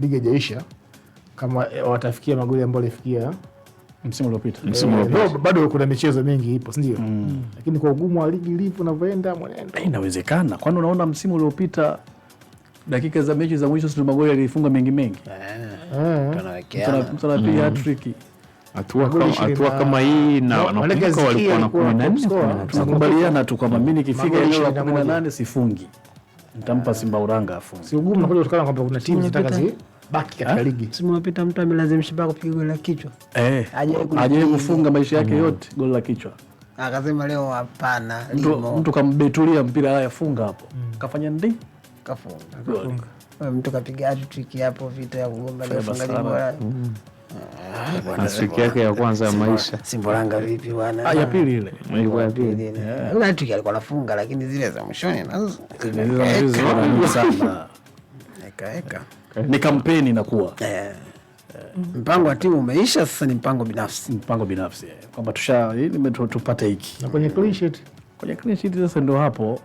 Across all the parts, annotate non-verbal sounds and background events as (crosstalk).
ligi haijaisha kama watafikia magoli ambayo alifikia msimu uliopita. Eh, msimu uliopita bado kuna michezo mingi ipo, si ndio? Mm. Lakini kwa ugumu wa ligi ilivyo unavyoenda, mwenendo eh, inawezekana, kwani unaona msimu uliopita dakika za mechi za mwisho, sio magoli alifunga mengi mengi, mtu anapiga hatriki hatua kama hii na walikuwa na kumi Tunakubaliana tu kwamba mi nikifika eneo la kumi na nane sifungi nitampa Simba Uranga afu. Si ugumu unakuja kutokana kwamba kuna timu zitaka zi baki katika eh? ligi. Si mwapita mtu amelazimisha baka kupiga goli la kichwa. Eh. Ajaye kufunga maisha yake mm. yote goli la kichwa. Akasema leo hapana. limo Mtu kambetulia mpira haya funga hapo. Mm. Kafanya ndi? Kafunga. kafunga. Mtu kapiga hat trick hapo vita ya kugomba leo funga bora. Mm siku yake ya kwanza ya maisha. Simbolanga vipi bwana? Ah, ya pili ile. Ilikuwa eh. ya pili. Yule Patrick alikuwa anafunga lakini zile za mwishoni nazo sana. Ni kampeni inakuwa. Eh. Mpango wa timu umeisha, sasa ni mpango binafsi. Mpango binafsi. Eh. Kwamba tusha tupate hiki. Na kwenye clean sheet. Kwenye clean sheet sasa ndio hapo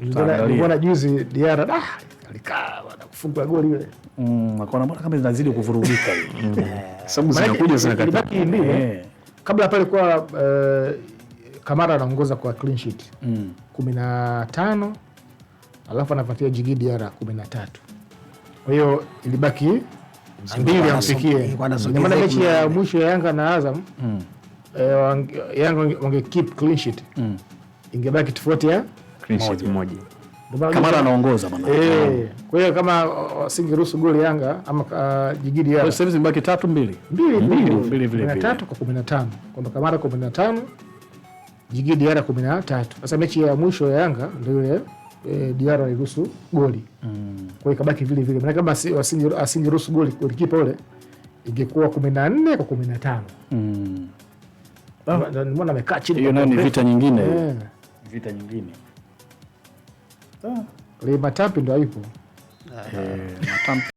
Niliona juzi Diara ah, alikaa kufunga goli Mm, akaona mbona kama zinazidi kuvurugika (laughs) eh. Sababu zinakuja zinakata. Eh? Eh. Kabla pale kwa uh, Kamara anaongoza kwa clean sheet. Mm. tano alafu anafuatia Jigi Diara tatu Kwa hiyo ilibaki mbili amfikie. Maana mechi ya mwisho ya Yanga na Azam mm. eh, Yanga wange keep clean sheet. Mm. Ingebaki tofauti ya clean sheet moja. Kamara anaongoza maana. Eh, kwa hiyo kama uh, wasingeruhusu goli Yanga ama uh, Jigidi Yanga. Kwa sasa zimebaki 3 2. 2 2 vile vile. 3 kwa 15. Kwamba Kamara 15, Jigidi Diara 13. Sasa mechi ya mwisho ya Yanga ndio ile eh, Diara aliruhusu goli. Mm. Kwa hiyo kabaki vile vile. Maana kama asingeruhusu goli golikipa ule ingekuwa 14 kwa 15. Mm. mbona amekaa chini. Hiyo nayo ni eh. vita nyingine. Vita nyingine. Eh, matampi ndo haipo. Eh,